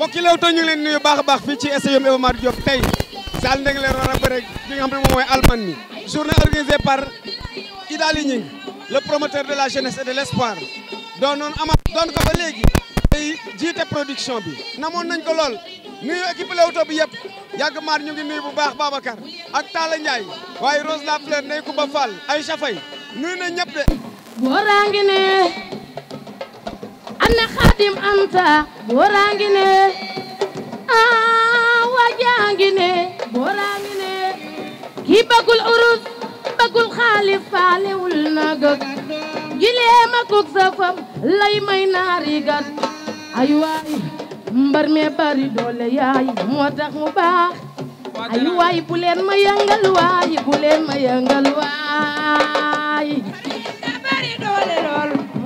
mbokki Leewtoo ñu ngi leen nuyu baax a baax fii ci stade Iba Mar Diop tey saal ndeng a bëre bi nga xam ne moom mooy alman journée organisée par Idali Ñing le promoteur de la jeunesse et de l'espoir doon noonu ama doon ko ba léegi tey jiite production bi namoon nañ ko lool nuyu équipe Leewtoo bi yëpp yàgg maar ñu ngi nuyu bu baax Babacar ak Talla Ndiaye waaye Rose Lafleur Ndeye Coumba Fall Aïcha Faye nuyu na ñëpp de waraangi ne anna xaadim anta booraangi ne aa ah, waajaangi ne booraangi ne kii bëggul urus bëggul xaalis faalewul na gëg gileema kuk safam lay may naari gat ay waay mbar me bari doole yaay moo tax mu baax ay waay bu leen ma yëngal waay bu leen ma yëngal waay bari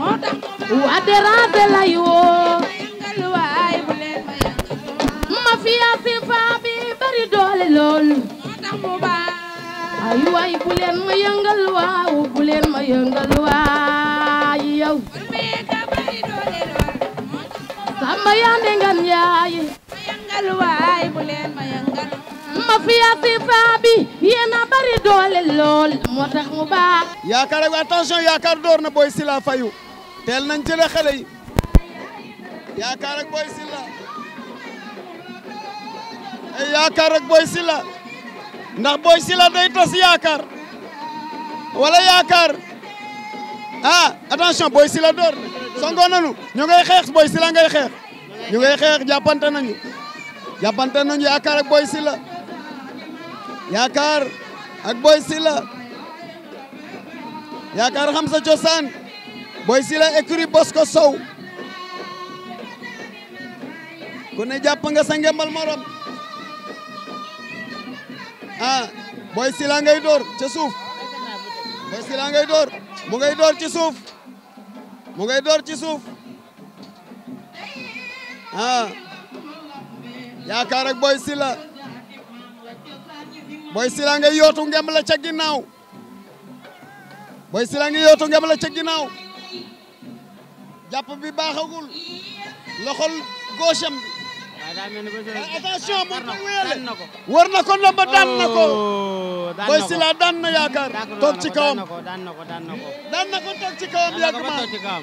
wa déranger la yoo ma fiya si faa bi bari doole loolu ay waay bu leen ma yëngal waaw bu leen ma yëngal waay yow samba yande ngan yaay ma fiya si faa bi yéena bari doole lool moo tax mu baax yaakaar attention yaakaar door na booy sila fayu teel nañ ci de xale yi yaakaar ak Boy Sylla eh, ay ak Boy Sylla ndax Boy Sylla day tas yaakaar wala yaakaar ah attention Boy Sylla door songo nañu ñu ngay xeex Boy Sylla ngay xeex ñu ngay xeex jàppante nañu jàppante nañu yaakaar ak Boy Sylla yaakaar ak Boy Sylla yaakaar xam sa cosaan Boy Sylla écurie Bosco Sow ku ne jàpp nga sa ngembal morom ah Boy Sylla ngay door ca suuf Boy ngay door mu ngay door ci suuf mu ngay door ci suuf ah yaakaar ak Boy Sylla Boy Sylla ngay yootu ngemb la ca ginnaaw Boy Sylla ngay yootu ngemb la ca ginnaaw jàpp bi baaxagul loxol gauche am bi. attention moom mooy wéyale war na ko ndomba daan na ko. Oh, Boy Sylla daan na yaakaar toog ci kawam daan na ko daan na ko daan na ko toog ci kawam yàgg maa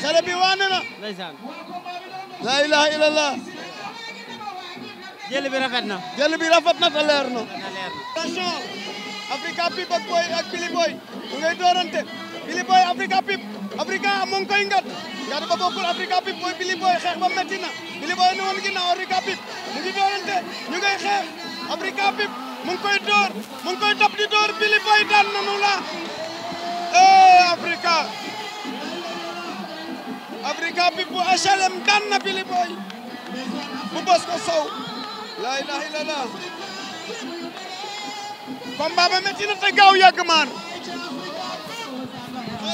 xale bi waane na. laa ilaha illallah. bi rafet na. jël bi rafet na Pip ak Boy ak Billy Boy mu ngay doorante Pip. Africa mu koy ngat ngat ba bokkul Africa Pip mooy xeex ba metti na Billy Boy ni woon ginnaaw Africa Pip mu ngi doorante ñu ngay xeex Africa Pip mu koy door mu koy topp di door Billy Boy daan nanu la eh Africa Africa Pip bu HLM daan na Billy bu bos ko sow la ilaha illallah combat ba metti na gaaw yàgg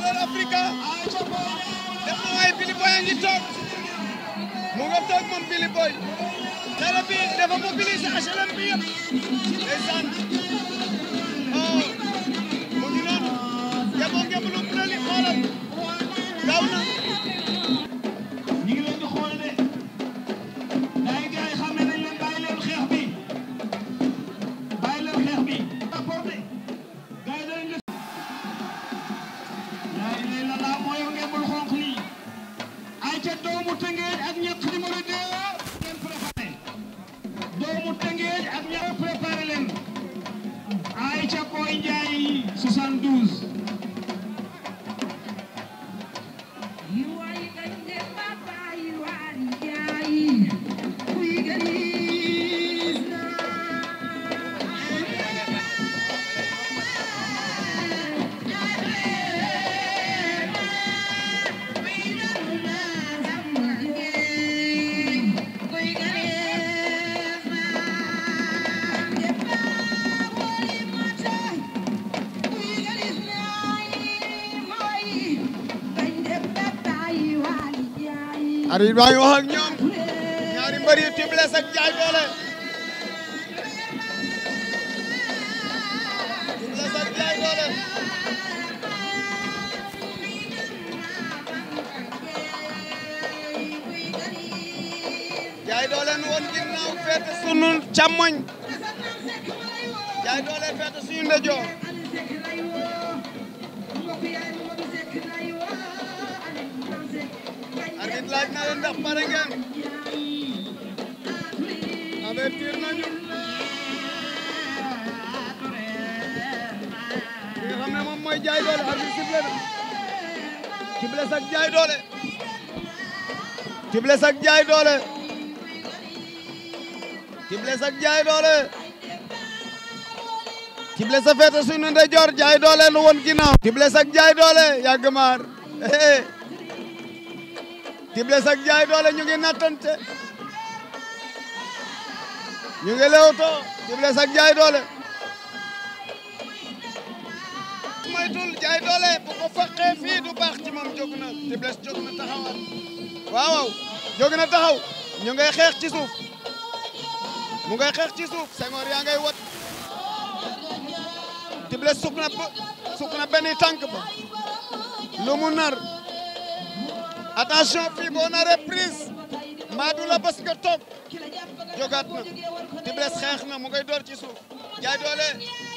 Valeurs Africa def na waaye Billy Boy a ngi toog mu nga toog moom Billy Boy dara bi dafa mobiliser HLM bi yëpp ndeysaan oh mu ngi noonu demoo ngeen lu mu xoolal gaaw na Koy Njaay 72 arbitre baa nu woon ginnaaw feete sunu càmmoñ Ndiaye Dollé feete suñu ndeyjoor laaj naa leen ndax jaay doole arbitre sak jaay doole sifflé sak jaay doole sifflé sak jaay suñu ndeyjoor jaay doole lu woon ginnaaw sifflé sak jaay doole yàgg Tibles ak Njaay doole ñu ngi nattante ñu ngi lewtoo Tibles ak Njaay doole moytul Njaay doole bu ko fii du baax ci moom na Tibles jóg na taxawal waaw jóg na taxaw ñu ngay xeex ci suuf mu ngay ci suuf Senghor yaa ngay wat Tibles sukk na sukk na ba lu nar attention fii boo na reprise Madou la parce que toog jogaat na Tibbes xeex na mu ngay door ci suuf jaay doole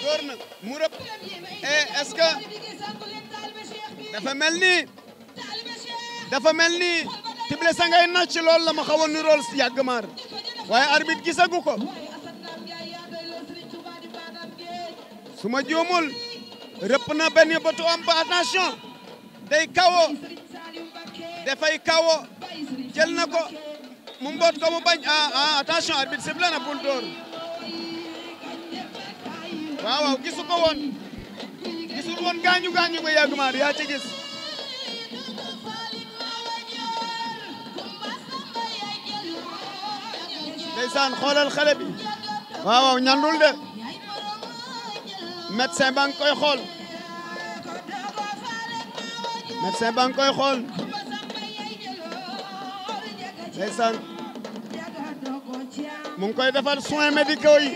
door na mu rëpp et eh, est dafa mel ni dafa mel ni Tibbes a ngay naaj ci loolu la ma xaw a niróol si yàgg maar waaye arbitre gisagu ko su ma juumul na benn bëtu am ba day kawo dafay kawo jël na ko mu mboot ko mu bañ ah, ah attention arbitre sifflé na bul dóor waaw waaw gisu ko woon gisul gaañu gaañu ba yàgg maar yaa ci gis ndeysaan xoolal xale bi ñandul de médecin ba koy xool médecin ba koy xool ndeysaan mu ngi koy defal soins médicaux yi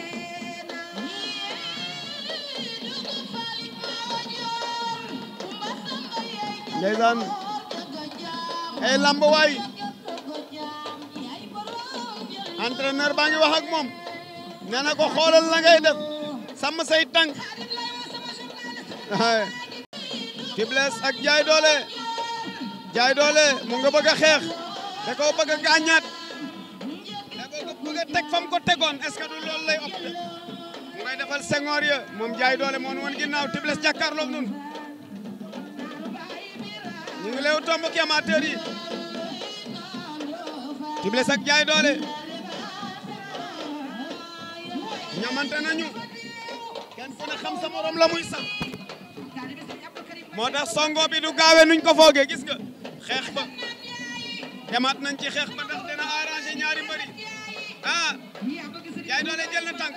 ndeysaan ay lamb waay entraîneur baa ngi wax ak moom nee ko xoolal la def sàmm say tànk Tip Less ak Jaay Doole Jaay Doole mu nga bëgg xeex da koo bëgg a gaañaat da teg fam ko tegoon est-ce que du lay opté mu ngay defal sengoor ya moom jaay doole moo nu woon ginnaaw tibles jàkkaarloog nun ñu ngi tomb ki amateur yi tibles ak jaay doole ñamante kenn ku xam sa morom la muy sax moo tax songo du gaawe nuñ ko foogee gis nga xeex ba demaat nañ ci xeex ba ndax dina arrangé ñaari mbëri ah yaay doole jël na tànk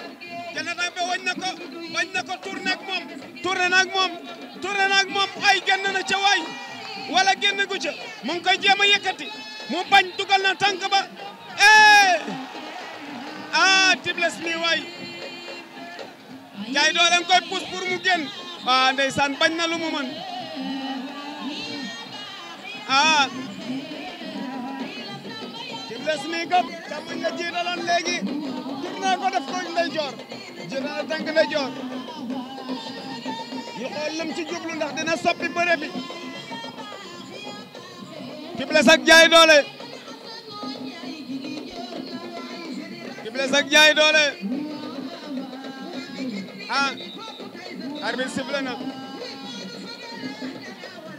jël na tànk ba wañ na ko wañ na ko tourné ak moom tourné na ak moom ay génn na ca waay wala génn gu mu koy jéem a mu bañ dugal na tànk ba eh ah tibles mi waay yaay doole nga koy pousse pour mu génn ah ndeysaan bañ na lu mu les nii gëm càmmoñ la jiitaloon léegi tourné ko def ko ndeyjoor jiital tànk ndeyjoor ñu xool lim ci jublu ndax dina soppi bëre bi Faiblesse ak jaay doole Faiblesse ak jaay doole ah arbitre sifflé na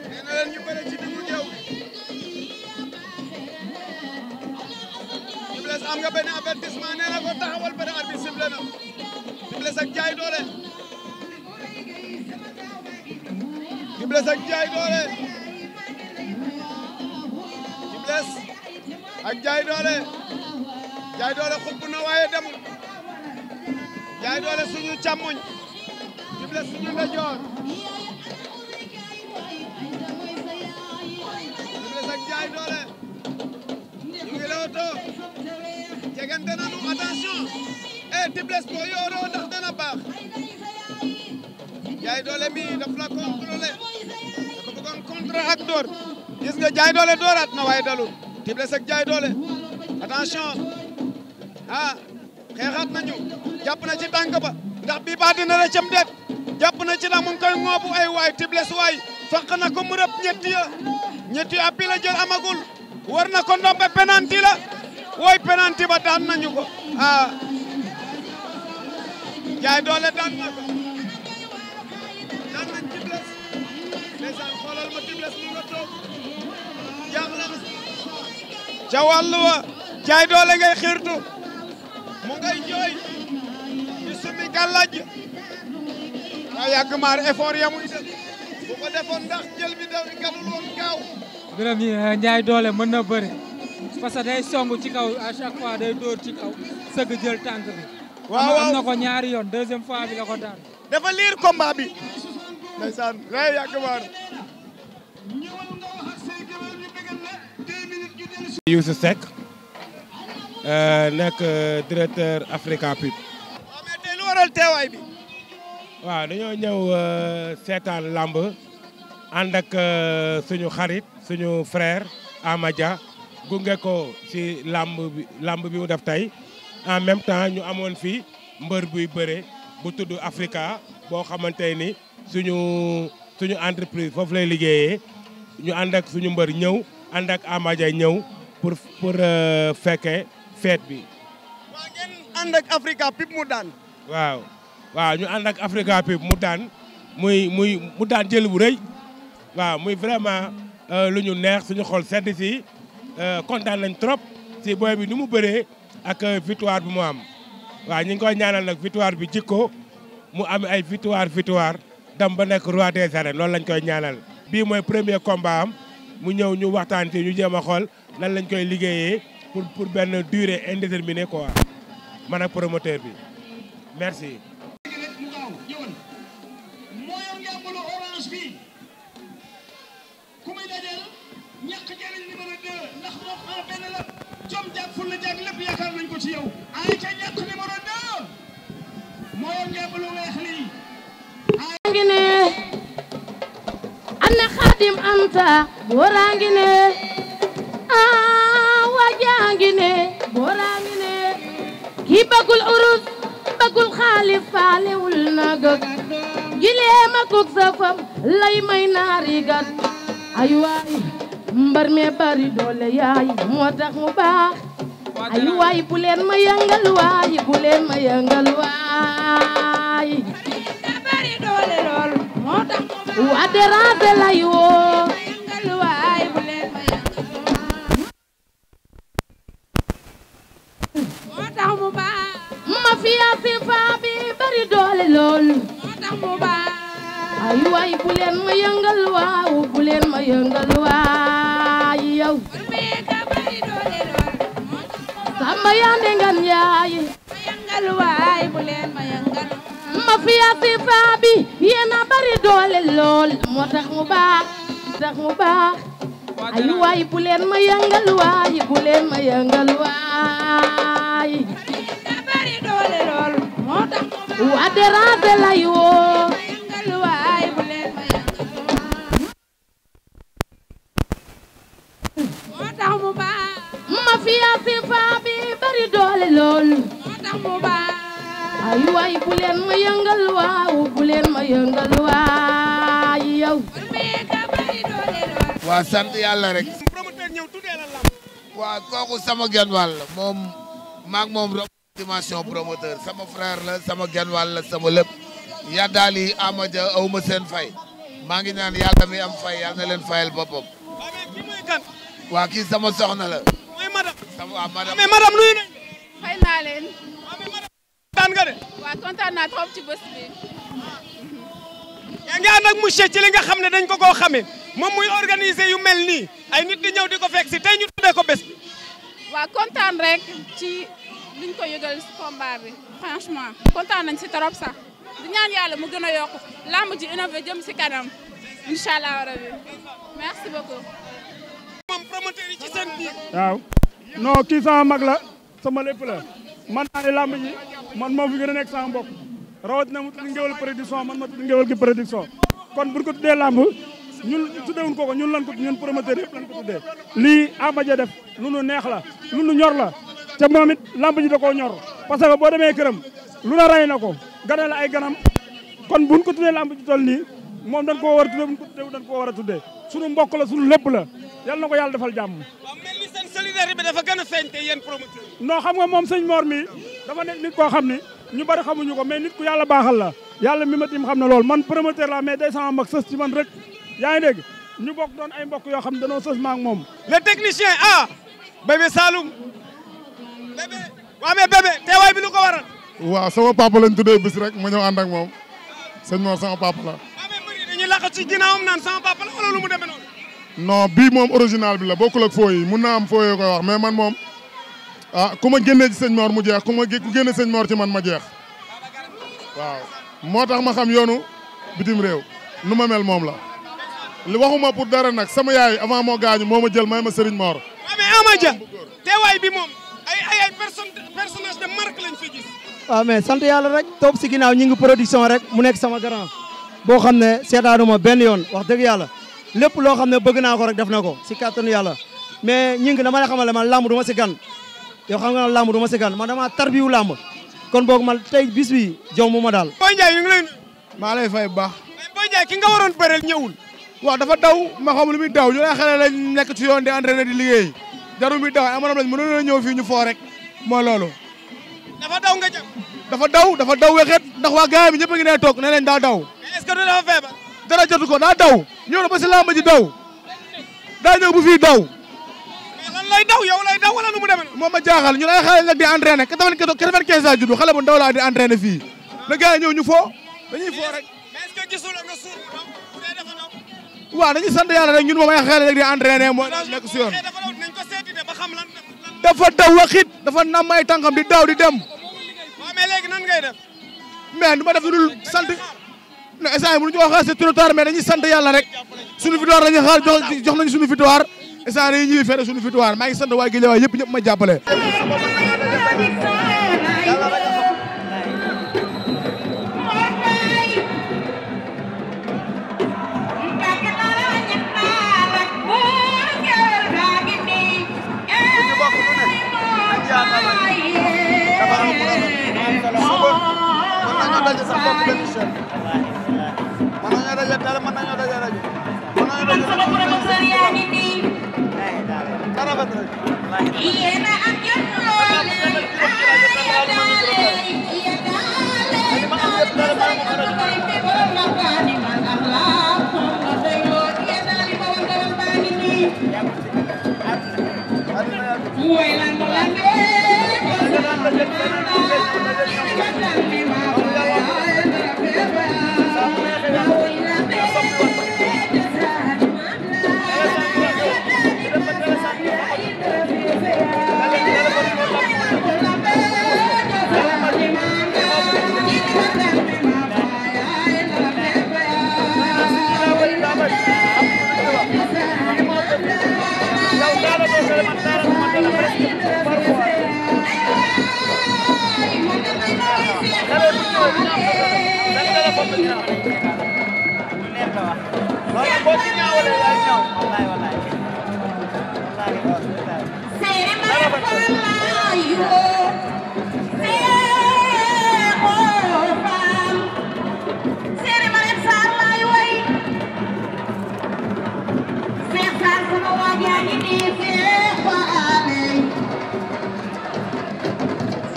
nee na leen ñu bëre ci diggu géew Blaise am nga benn avertissement nee na ko taxawal na Tic Blaise ak Ndiaye Dollé Tic Blaise ak Ndiaye Dollé Tic ak Ndiaye Dollé suñu càmmoñ Tic suñu ndeyjoor Tic Blaise ak Ndiaye Dollé ñu ngi lewtoo tegante nañu jaay doole mi daf la contrôlé dafa jaay doole dooraat na waaye dalul Tibles ak jaay doole attention ah xeexaat nañu jàpp na ci tànk ba ndax bii baa dina la na ci na mu ngi koy waay Tibles waay faq na ko mu rëb ñetti ya ñetti jël amagul war na ko ndombe penalty woy penalty ba nañu ko ah jaay doole daan na ko daan nañ tibles ndeysaan xoolal ma tibles mu nga jaay doole ngay xiirtu mu ngay jooy di sumi gàllaaj waaye yàgg maar effort ya muy def bu jël bi daw galul woon gaaw biram yi jaay doole mën na bëri parce que day song ci kaw à chaque fois day dóor ci kaw sëgg jël tànk bi. waaw am na ko ñaari yoon deuxième fois bi ko daan. dafa liir combat bi. ndeysaan lay euh, nekk euh, directeur Africa Pub. waaw mais tey dañoo ñëw euh, seetaan làmb ànd ak suñu xarit suñu frère Amadia. gunge ko ci làmb bi làmb bi mu def tey en même temps ñu amoon fi mbër buy bëre bu tudd Africa boo xamante ni suñu suñu entreprise foofu lay liggéeye ñu ànd ak suñu mbër ñëw ànd ak Amadia ñëw pour pour euh, fekkee fête bi. waaw ngeen ànd Africa Pip mu daan. waaw waaw ñu ànd ak Africa Pip mu daan muy muy mu daan jël bu rëy waaw muy vraiment euh, lu ñu neex suñu xol sedd si. Euh, kontaan nañ trop si booy bi ni mu bëree ak euh, victoire bi mu am waaw ñu ngi koy ñaanal nag victoire bi jikko mu amee ay victoire victoire dem ba nekk roi des arènes loolu lañ koy ñaanal bii mooy premier combat mu ñëw ñu waxtaan ci ñu jéem a xool lan lañ koy liggéeyee pour pour benn durée indéterminée quoi man ak promoteur bi merci nañ ay ca ñett numéro 2 moo yor ngemb lu weex ay ngi ne ana xaadim anta booraa ngi ne aa ah, waajaa ngi ne booraa ngi ne kii bëggul urus bëggul xaalis faalewul na gëg gilee ma kuk safam lay may naari gat ay waay mbar me bari doole yaay moo tax mu baax ay waay bu leen ma yëngal waay bu leen ma yëngal waay waa déranger lay woo mafia fi faa bi bari doole lool ay waay bu leen ma yëngal waaw bu leen ma yëngal waay yow samba yande ngan yaaye ma yangal waay bu leen ma yangal mafia si bari doole lool moo tax mu baax tax mu baax ay waay ma yangal waay bu ma yangal waay yéena bari moo tax mu baax loolu ay waay ma yëngal waaw bu ma yëngal waay waa sant yàlla rek waa kooku sama genn wàll moom maak moom rek dimension promoteur sama frère la sama genn wàll la sama lépp yaddaali amaja awma seen fay maa ngi naan yàlla mi am fay yàlla na leen fayal boppam waa kii sama soxna la fay naa leen. kontaan nga naa trop ci bés bi. yaa ngi ànd ak monsieur ci li nga xam ne dañ ko koo xamee moom muy organiser yu mel nii ay nit di ñëw di ko fekk si tey ñu tuddee ko bés bi. waaw rek ci liñ ko yëgal si combat bi franchement kontaan nañ si trop sax di ñaan yàlla mu gën a yokk làmb ji innové jëm si kanam incha allah rabi merci beaucoup. moom promoteur yi ci seen biir. mag la. sama lépp la man naa ne làmb ji man moo fi gën nekk sama mbokk rawat na mu tudd ngéwal production man ma tudd ngéwal gi production kon buñ ko tuddee làmb ñun tuddewuñ ko ko ñun lan ko ñun promoteur yëpp lan ko tuddee lii amaja def lu nu neex la lu nu ñor la te moom it làmb ji da koo ñor parce que boo demee këram lu na rey na ko ganal ay ganam kon buñ ko tuddee làmb ji toll nii moom dañ koo war a tuddee buñ ko tuddee dañ koo war a tuddee sunu mbokk la sunu lépp la yal na ko yàlla defal jàmm solidarité bi dafa gën a feeñ te xam nga moom sëñ Mor mi dafa nekk nit koo xam ni ñu bari xamuñu ko mais nit ku yàlla baaxal la yàlla mi ma tim xam na loolu man promoteur la mais day sama mag sës ci man rek yaa ngi dégg ñu bokk doon ay mbokk yoo xam ne danoo sës maak moom le technicien a ah, bébé Saloum bébé waa mais bébé teewaay bi lu ko waral waaw sama papa lañ tuddee bis rek ma ñëw ànd ak moom sëñ Mor sama papa non bii moom original bi la bokkul ak foo yi mun naa am foo yi wax mais man moom ah ku ma génnee ci moor mu jeex ku ma ku génne sëñ Mor ci man ma jeex moo tax ma xam yoonu bitim réew nu ma mel moom la li waxuma pour dara nag sama yaay avant moo gaañu moo ma jël may ma Serigne Mor. waaw ah, mais Ama Dia teewaay bi moom ay ay ay personnage de marque lañ fi gis. waaw ah, sant yàlla rek toog si ginnaaw ñi ngi production rek mu nekk sama grand boo xam ne seetaanuma benn yoon wax dëgg yàlla. lépp loo xam ne bëgg naa ko rek def na ko si kàttanu yàlla mais ñi ngi dama la xamal man làmb du ma si gan yow xam nga ne làmb du ma si gan man dama tarbiwu làmb kon boog ma tey bis bi jow mu ma daal Boy Ndiaye ñu ngi lay maa lay fay bu baax Boy Ndiaye ki nga waroon bëreel ñëwul waaw dafa daw ma xam lu muy daw ñu lay xale lañ nekk ci yoon di ne di liggéey jaru muy daw ay amoon lañ mënoon na ñëw fii ñu foo rek mooy loolu dafa daw nga jàpp dafa daw dafa daw wexet ndax waa gars bi ñëpp a ngi ne toog ne leen daa daw est-ce que dara ko daa daw ñëw na ba si làmb daw daa ñëw bu fii daw. mais lan lay daw yow lay daw wala nu mu demee. moom ma jaaxal ñu ay xale nag di entraîné quatre-vingt-quinze la juddu xale bu ndaw laa di entraîné fii na gars yi ñëw ñu foo dañuy foo rek. mais est-ce que gisul nga suur bu ndaw bu dee dafa sant yàlla rek ñun moom ay xale nag di entraîné mooy nekk si yoon. dafa daw waxit dafa nam ay tànkam di daw di dem. waaw mais léegi nan ngay def. mais du ma def non instant yii mënuñu ko wax c'est trop tard mais yàlla rek suñu victoire lañuy jox jox nañu suñu victoire instant yii ñuy fere suñu victoire maa ngi sant waa Guédiawaye yëpp ñëpp ma jàppale. daje sax bokk benn chef mën nañoo daje dara mën nañoo daje rajo mën nañoo daje sama promoteur yaa ngi nii dara ba dara yéena am jot lool Muy la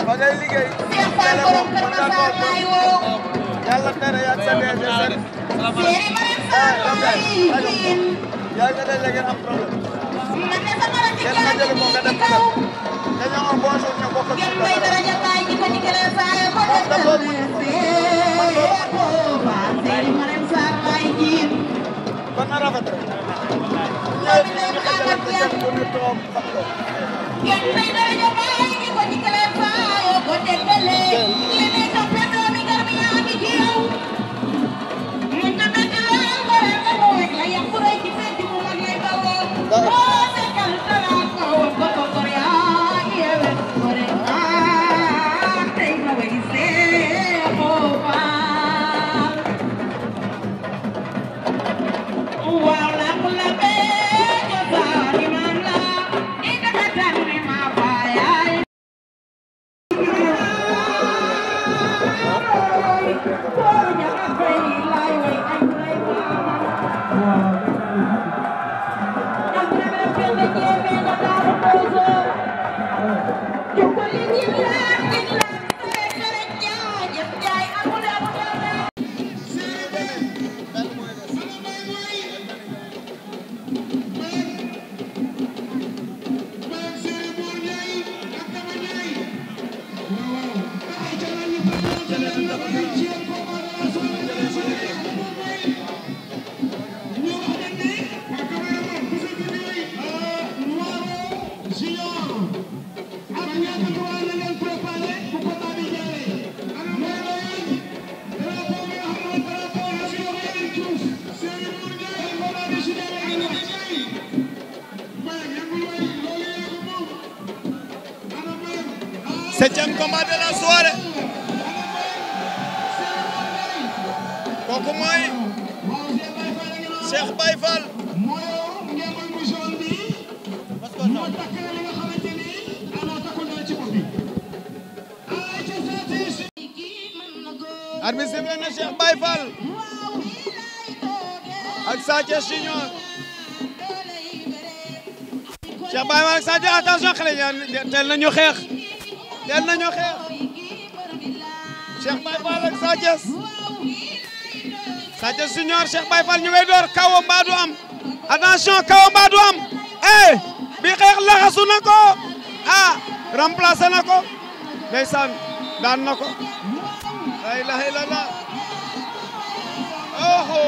Magay ligay. Siya pa, kurang karmasang layo. yàlla tere yaa sa DG seen. yaa ngi leen léegi am problème. kenn nga jël moom nga def ko def. dañoo am bon jour ñu bokk ak suñu bopp. kon na rafet rek. ñooñu ñu xasee rek ñu jëm pour ñu toog xam ko. kenn nga jël moom nga def ko def. Campeão! Thiès Junior Cheikh Baye Malick Sadio attention xale teel nañu xeex teel nañu xeex Cheikh Baye Malick Sadio Sadio Junior Cheikh Baye Fall ñu ngay door kawo mbaa du am attention kawo mbaa du am eh bi xeex laxasu na ko ah remplacé na ko ndeysaan daan na ko la ilaha illallah oho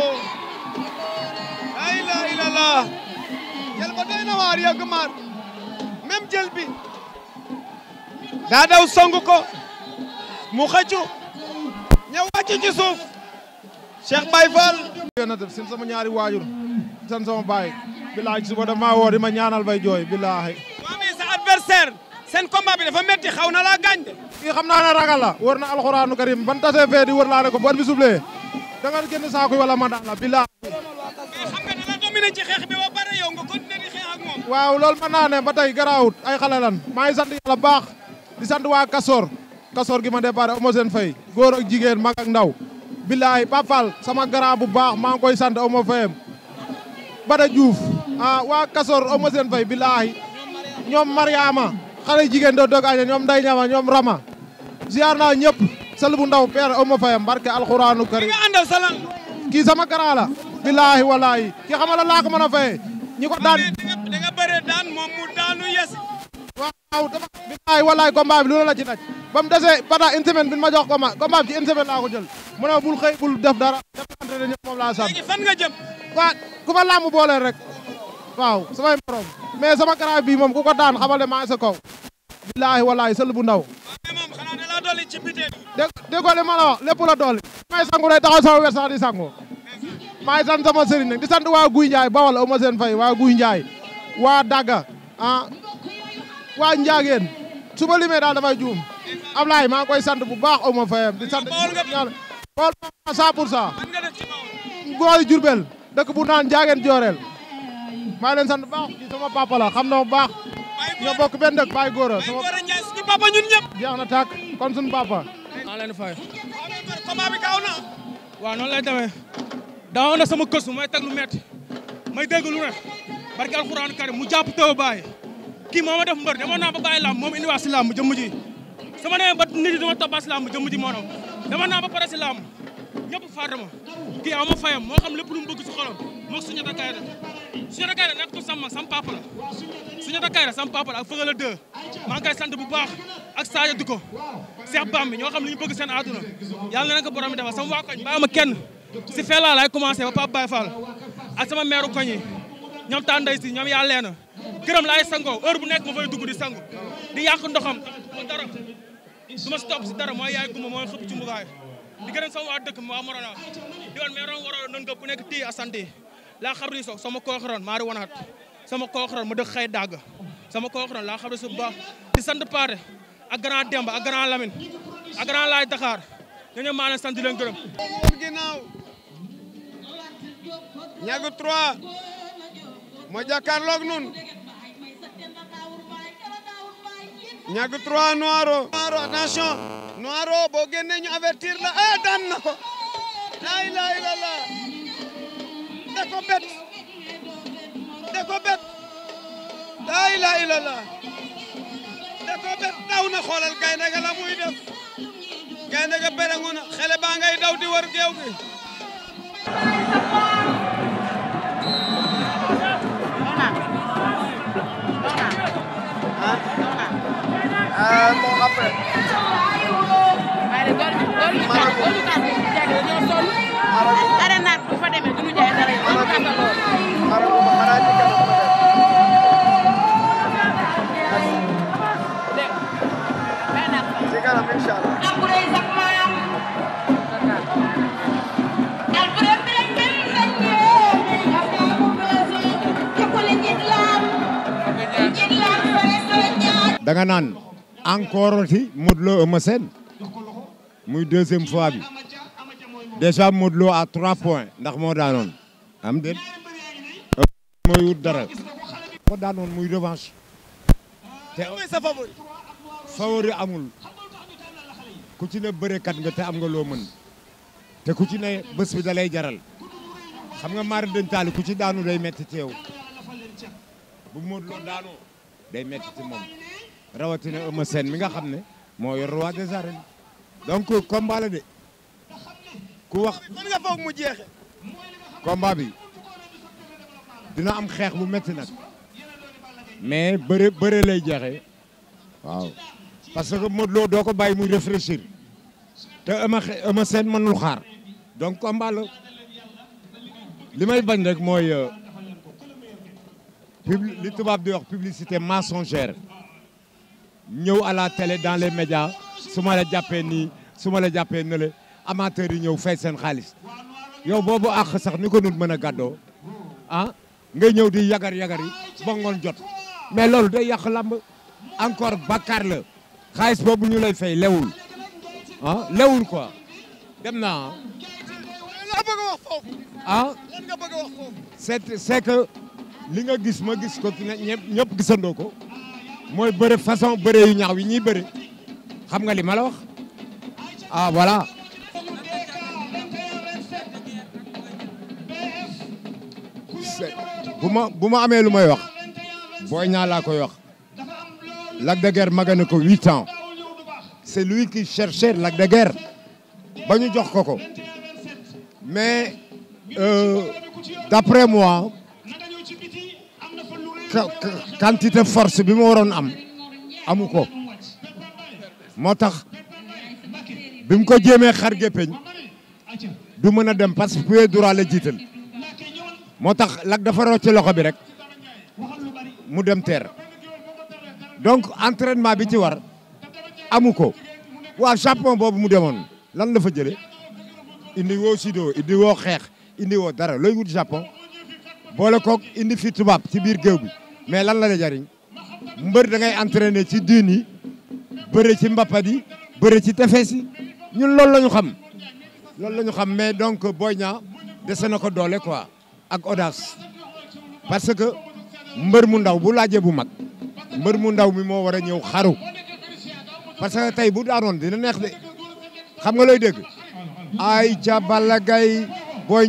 laa ilaaha illallaah jël ba doy na waar yàgg maar même jël bi daa daw ko mu xëccu ña wàccu ci suuf Cheikh sin sama ñaari waajur san sama baay billaahi suba dama woo di ma ñaanal bay jooy billaahi waa mais adversaire seen combat dafa metti xaw na laa gaañ de kii xam naa ne ragal la wër na alxuraanu karim ban tase di wër laa ko bu sublee da nga génn saaku wala ma daan billaahi terminé ci xeex waaw lool mën naa ne ba tey garaawut ay xale maa ngi sant yàlla baax di sant waa Kasoor Kasoor gi ma déparé Omo seen fay góor ak jigéen mag ak ndaw. billaay Pape sama garaa bu baax maa koy sant Omo fayam Bada Diouf a ah, waa Kasoor Omo seen fay ñoom Mariama xale jigéen doo dog aña ñoom Ndeye Ñama ñoom Rama. ziar naa ñëpp sal bu ndaw père Omo fayam barke alxuraanu karim kii sama garaala billaahi walaahi ki xamala laa ko mën a fayee ñi ko daan da nga bëree daan moom mu daanu yes waaw dama billaahi walaahi combat bi lu la ci daj ba mu desee pendant une semaine bi ma jox combat combat bi ci une semaine laa ko jël mu ne bul xëy bul def dara def entraîné moom laa sant ku ma làmb booleel rek waaw samay morom mais sama karaay bii moom ku ko daan xamal ne maa sa kaw billaahi walaahi sël bu ndaw dégg nga li ma la wax lépp la doole may sangu day taxaw sama wet sax maa ngi sant sama sëriñ nag di sant waa Guy Ndiaye Bawol aw ma seen fay waa Guy Ndiaye waa Dagga ah waa Ndiageen su daal dafay juum Ablaye maa koy sant bu baax aw ma fayam di sant Jurbel dëkk bu naan Ndiageen Jooreel maa leen sant bu baax ci sama xam na bu baax ñoo bokk benn dëkk Baye Gora sama na tàkk kon suñu papa maa leen fay dama na sama kës may teg lu metti may dégg lu ne barki alxuraan karim mu jàpp taw bàyyi kii moo ma def mbër dama naa ba bàyyi làmb moom indiwaat si làmb jëmm ji sama nee ba nit yi dama toppaat si làmb jëmm ji moo dama naa ba pare si làmb ñëpp fàtte ma kii fayam moo xam lépp lu mu bëgg si xolam moom suñu dakay da suñu dakay da nekk ko sama sam papa la suñu sam papa la ak fëgal a deux maa ngi koy sant bu baax ak Sadio Diko ñoo xam li ñu bëgg seen àdduna yàlla na ko borom kenn si Fela laay commencé ba Pape Baye a ak sama meeru koñ yi ñoom tànday si ñoom yaa leena këram laay sangoo heure bu nekk ma fay dugg di di yàq ndoxam ma dara du ma si topp si yaay guma mooy xëpp ci di gërëm sama waa dëkk waa Morona di woon mais roon waroo nan nga nekk tii asante laa xabri so sama kooxaroon maari wanaat sama kooxaroon ma dëkk xëy dàgg sama kooxaroon laa xabri su di sant paate ak grand Demba ak Laay Dakar dañoo maanaam sant leen gërëm. ginnaaw ñagu 3 moo jàkkaarloog nun ñagu 3 noiro noiro attention noiro boo génnee ñu avertir la ah daan na ko la ilaha illallah da ko bet da ko bet la ilaha illallah da ko bet daw na xoolal gaynde ga la muy def gaynde ga perangu na xele baa daw di wër géew gi ah bon après. waaye nag góor gi góor gi danga nga naan encore ci Modou Lo Eumeu Sène muy deuxième fois bi déjà Modou Lo à trois points ndax moo daanoon am déet mooy wut dara moo daanoon muy revanche te favori amul ku ci ne bërekat nga te am nga loo mën te ku ci ne bés bi da jaral xam nga maari dañ taali ku ci daanu day metti ci yow bu Modou Lo daanoo day metti ci moom rawatina Eumeu Sène mi nga xam ne mooy yor roi des donc combat la de ku wax mën nga foog mu jeexe combat bi dina am xeex bu metti nag mais bëre bëre lay jeexe waaw parce que Modou Lo doo ko bàyyi mu réfléchir te Eumeu Sène mënul xaar donc combat la li may bañ rek mooy euh, pub li tubaab di wax publicité mensongère ñëw à la télé dans les médias su ma la jàppee nii su ma la jàppee nële amateurs yi ñëw fay seen xaalis yow boobu àq sax ni ko nut mën a gàddoo ah ngay ñëw di yagar yagar yi ba ngoon jot mais loolu day yàq lamb encore bakkaar la xaalis boobu ñu lay fay lewul ah, lewul quoi dem naa ah. bëgg wax foofu ah? li nga gis ma gis ko ki ñëpp gisandoo ko mooy bëre façon bëre yu ñaaw yi ñuy bëre xam nga li ma la wax ah voilà. bu ma bu ma amee lu may wax Boy Niang laa koy wax Lac de Guiers maga na ko huit ans c'est lui qui cherchait Lac de Guiers ba ñu jox ko ko mais euh, d'après moi quantité force bi mu waroon am amu ko moo tax bi mu ko jéemee xar géppeñ du mën a dem parce que pied droit la jiital moo tax Lac dafa rocc loxo bi rek mu dem terre donc entraînement bi ci war amu ko waaw Japon boobu mu demoon lan la fa jëlee indi woo judo indi woo xeex indi woo dara looy wut Japon boole koog indi fi tubaab ci biir géew bi mais lan la la jariñ mbër da ngay entraîner ci diin yi bëre ci mbappat yi bëre ci tefes ñun loolu la ñu xam loolu la xam mais donc Boy Niang dese na ko doole quoi ak audace parce que mbër mu ndaw bu laajee bu mag mbër mu ndaw mi moo war a ñëw xaru parce que tey bu daanoon dina neex de xam nga looy dégg ay ca Balla Gaye Boy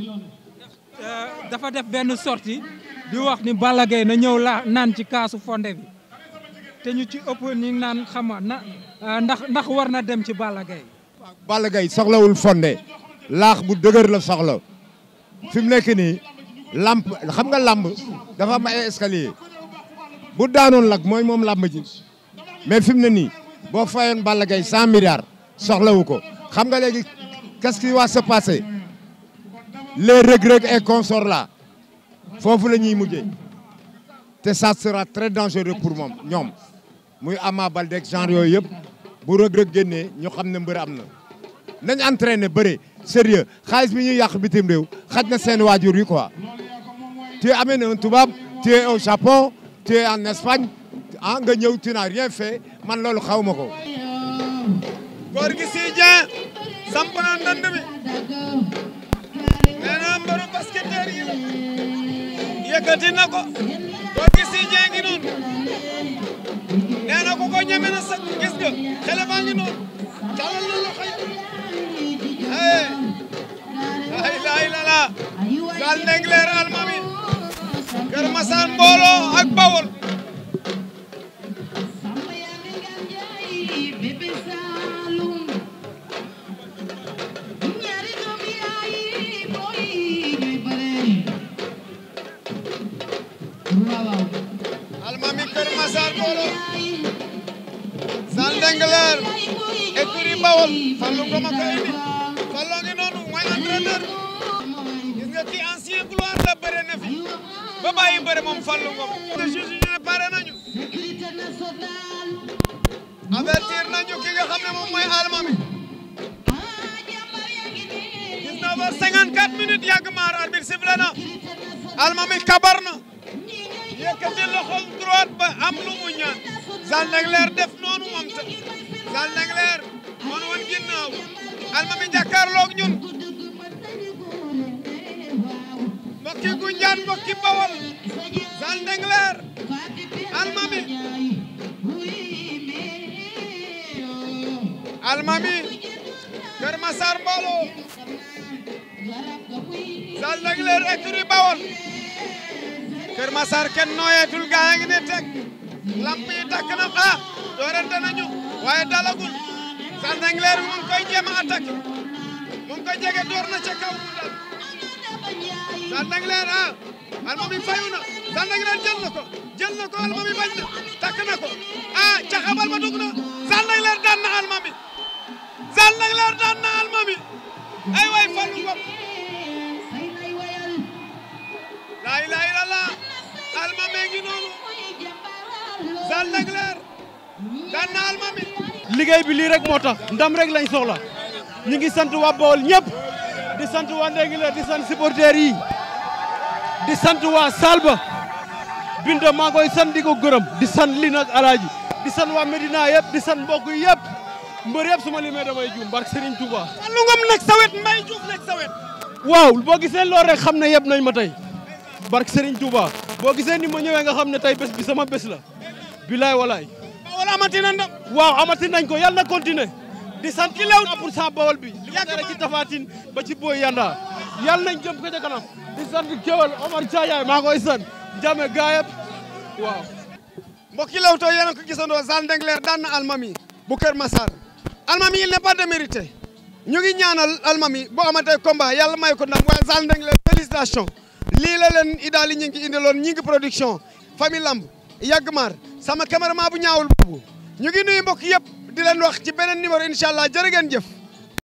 Euh, dafa def benn sorti bi wax ni Balla Gaye na ñëw laa naan ci kaasu fonde bi te ñu ci ëpp ni naan xama na euh, ndax ndax war na dem ci Balla Gaye Balla Gaye soxlawul fonde laax bu dëgër la soxla fi mu nekk ni làmp xam nga làmb dafa am ay bu daanoon lak mooy moom làmb ji mais fi mu ne nii boo fayoon Balla Gaye cent milliards soxlawu ko xam nga léegi qu'est-ce qui va les regrets et consorts là foofu la ñuy mujje te ça sera très dangereux pour moom ñoom muy Ama Baldé genre yooyu yëpp bu rëg-rëg génnee ñu xam ne mbër am na nañ entraîné bëre sérieux xaalis bi ñuy yàq bitim réew xaj na seen waajur yi quoi tu es amené un tubaab tu es au Japon tu es en Espagne ah nga ñëw tu n'as rien fait man loolu xaw ma ko gi si Dieng ndënd mi nee naa mbaru basketteur yi na ko boo gis yi jeengi noonu ko ko ñeme na sax gis nga def noonu moom tam Saal Ndengler moonu woon ginnaaw almami jàkkaarloog ñun mbokki Gunjaan mbokki Bawol Saal Ndengler almami almami Kër Masar Mbolo Saal Ndengler écurie Bawol Kër Masar kenn nooyeetul ne teg lamp yi takk na ah doorante nañu waaye dalagul Sandengler mu ngi koy jéem a attaqué mu ngi koy jege door na ca kaw mu dal Sandengler ah Almami fayu na Sandengler jël na ko jël na ko Almami bañ na takk na ko ah caxabal ba dugg na Sandengler daan na Almami Sandengler daan na Almami ay waay Fallou Ngom laa ilaaha illallaah Almami ngi noonu Sandengler liggéey bi lii rek moo tax ndam rek lañ soxla ñu ngi sant waa Bawol ñëpp di sant waa Ndingler di sant supporters yi di sant waa Salba Binta maa koy sant di ko gërëm di sant li nag alaaji di sant waa Medina yëpp di sant mbokk yëpp mbër yëpp su ma limee damay juum barke Serigne Touba. sawet mbay waaw boo gisee loolu rek xam ne yëpp nañ ma tey barke Serigne Touba boo gisee ni ma ñëwee nga xam ne tey bés bi sama bés la bilaay walaay. wala amati na ndam waaw amati nañ ko yàlla na continuer di sant ci lew pour sa bawol bi tafaatin ba ci booy yanda yàlla nañ jëm ko ca kanam di sant kéwal Omar Thiayaay maa koy sant jame gaayab waaw mbokki Leewtoo yéen a ko gisandoo Zal Ndingler daan na Almami bu Kër Massar Almami il n'est pas démérité ñu ngi ñaanal Almami boo amatee combat yàlla may ko ndam waaye Zal Ndingler félicitation lii la leen i daal yi ñu ngi indiloon ñi ngi lamb yàgg maar sama cameraman bu ñaawul boobu ñu ngi nuyu mbokk yëpp di leen wax ci beneen numéro incha allah jërë ngeen jëf